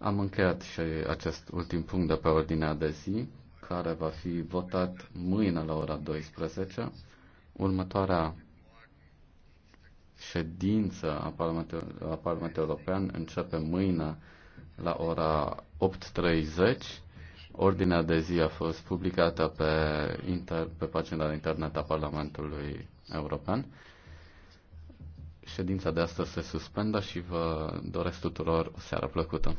Am încheiat și acest ultim punct de pe ordinea de zi, care va fi votat mâine la ora 12. Următoarea ședință a Parlamentului, a Parlamentului European începe mâine la ora 8.30. Ordinea de zi a fost publicată pe, inter, pe pagina de internet a Parlamentului European. Ședința de astăzi se suspendă și vă doresc tuturor o seară plăcută.